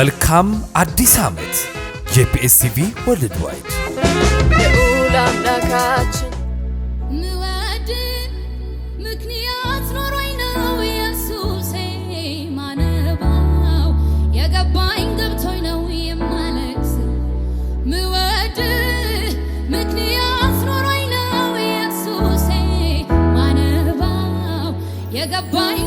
መልካም አዲስ ዓመት። የፒኤስቲቪ ወርልድ ዋይድ ልዑል አምላካችን ምወድን ምክንያት ኖሮኝ ነው ኢየሱሴ ማነባው የገባኝ ገብቶኝ ነው የማለቅስ ምወድ ምክንያት ኖሮኝ ነው ኢየሱሴ ማነባው የገባኝ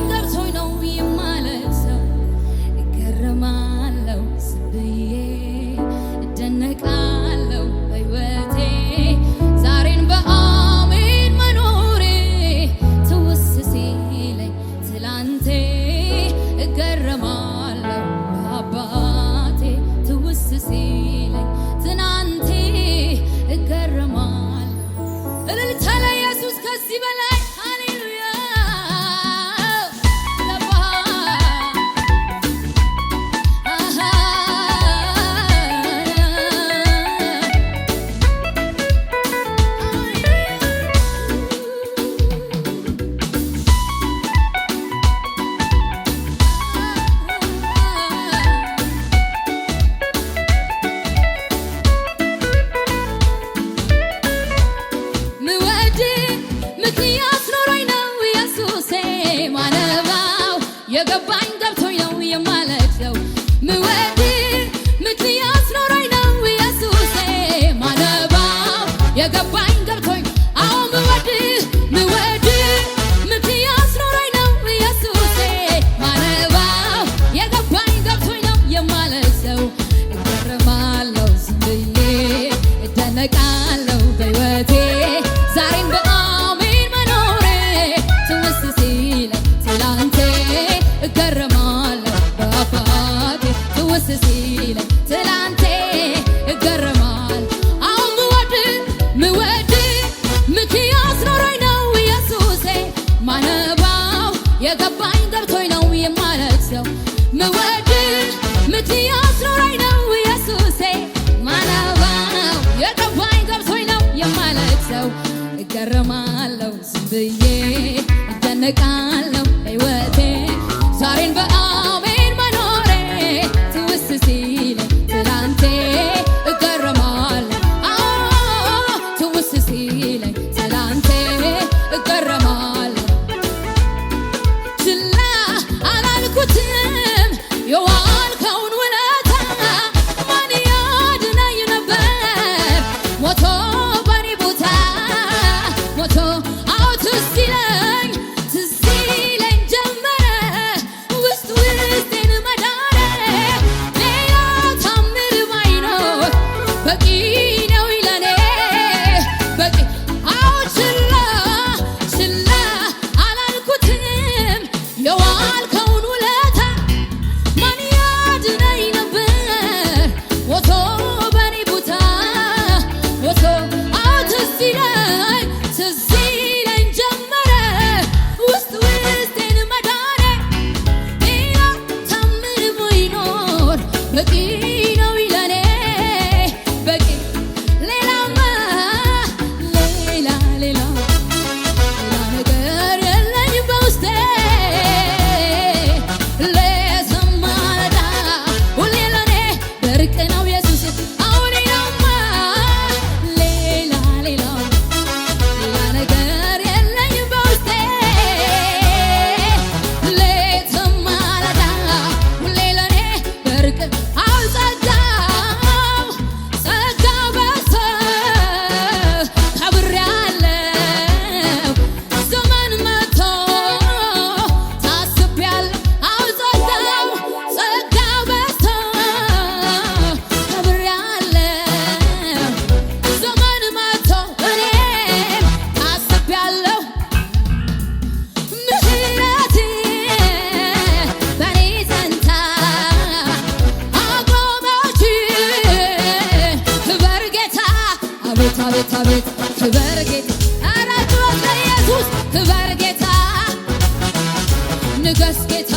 ንገስ ጌታ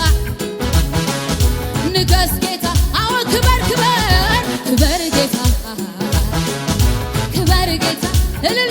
ንገስ ጌታ አዎ ክበር ክበር ክበር ጌታ ክበር ጌታ እልል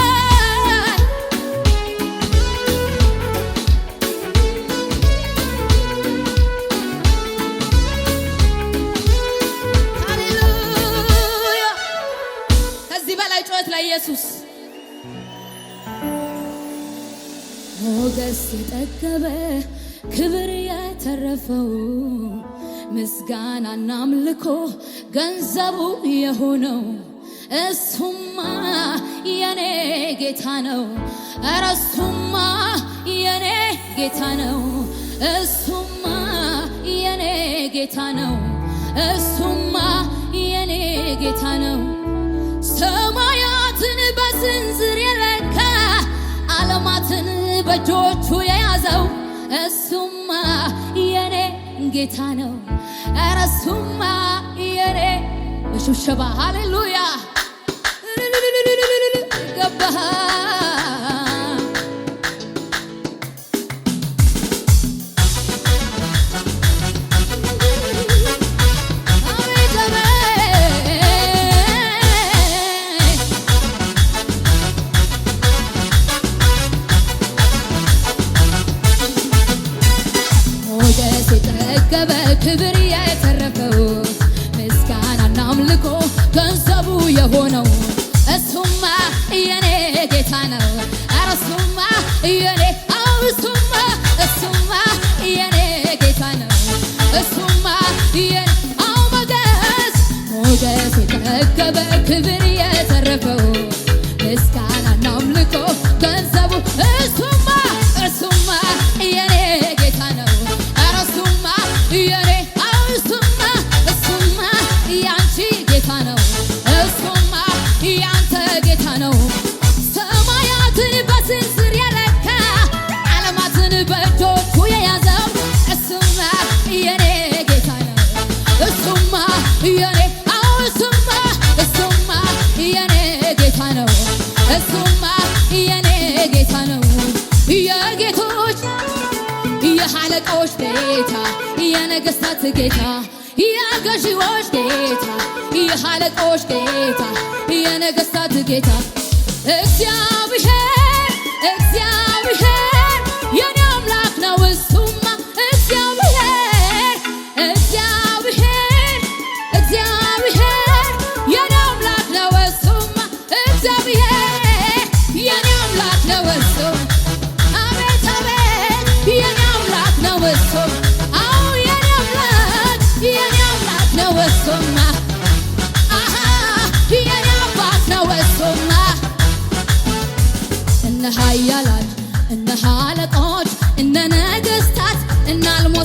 ኢየሱስ ሞገስ የጠገበ ክብር የተረፈው ምስጋናና አምልኮ ገንዘቡ የሆነው እሱማ የኔ ጌታ ነው። ኧረ እሱማ የኔ ጌታ ነው። እሱማ የኔ ጌታ ነው። እሱማ የኔ ጌታ ነው። በስንዝር የለካ አለማትን በእጆቹ የያዘው እሱማ የኔ ጌታ ነው። እረሱማ የኔ በሽብሸባ ሃሌሉያ የተመዘገበ ክብር የተረፈው ምስጋናና አምልኮ ገንዘቡ የሆነው እሱማ የኔ ጌታ ነው። ኧረ እሱማ የኔ አዎ እሱማ እሱማ የኔ ጌታ ነው። እሱማ የኔ አዎ ሞገስ ሞገስ የተመዘገበ ክብር የአለቆች ጌታ የነገስታት ጌታ የገዢዎች ጌታ የአለቆች ጌታ የነገስታት ጌታ እግዚአብሔር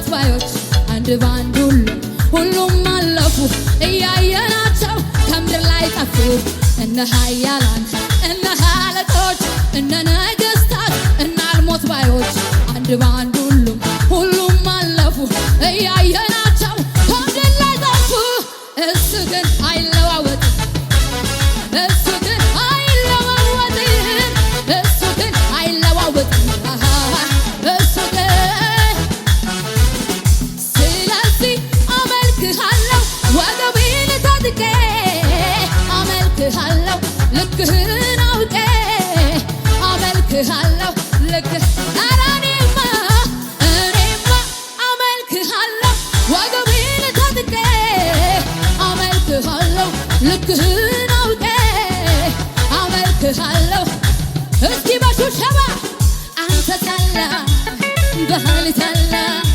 ተስፋዮች አንድ ባንድ ሁሉ ሁሉም አለፉ እያየናቸው ከምድር ላይ ጠፉ እነ ኃያላን እነ አለቆች እነ ነገስታት እነ አልሞት ባዮች አንድ ባንዱ la la.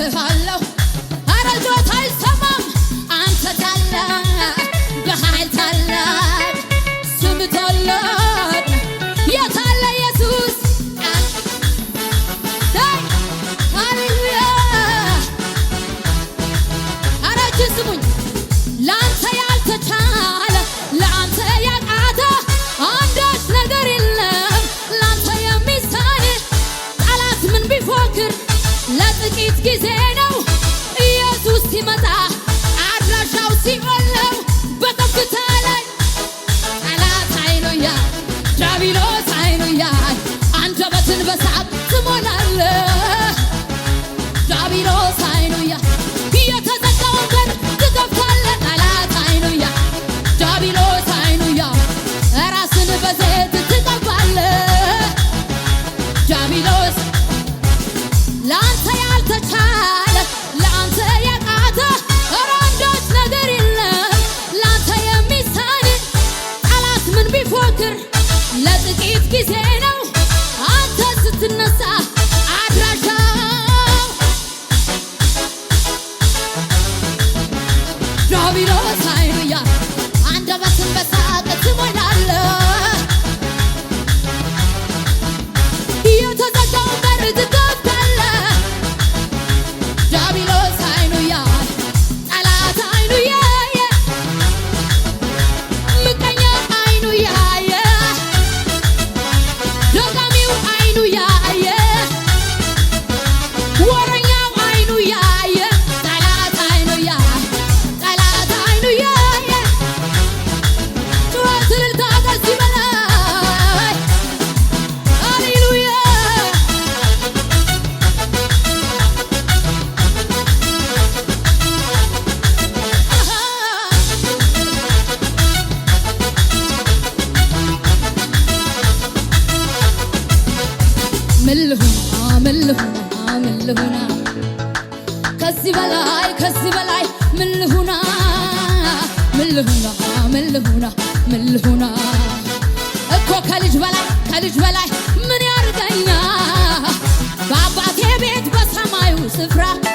ደግፍሃለሁ። አረ ጩኸት አይሰማም። አንተ ታላቅ በኃይል ታላቅ ስም güzel ቢሮ ሳይብያ አንደበትን በሳ አምን ልሁን አምን ከዚህ በላይ ከዚህ በላይ ምን ልሁና ምን ልሁና እኮ ከልጅ በላይ ከልጅ በላይ ምን ያርገኛ በአባቴ ቤት በሰማዩ ስፍራ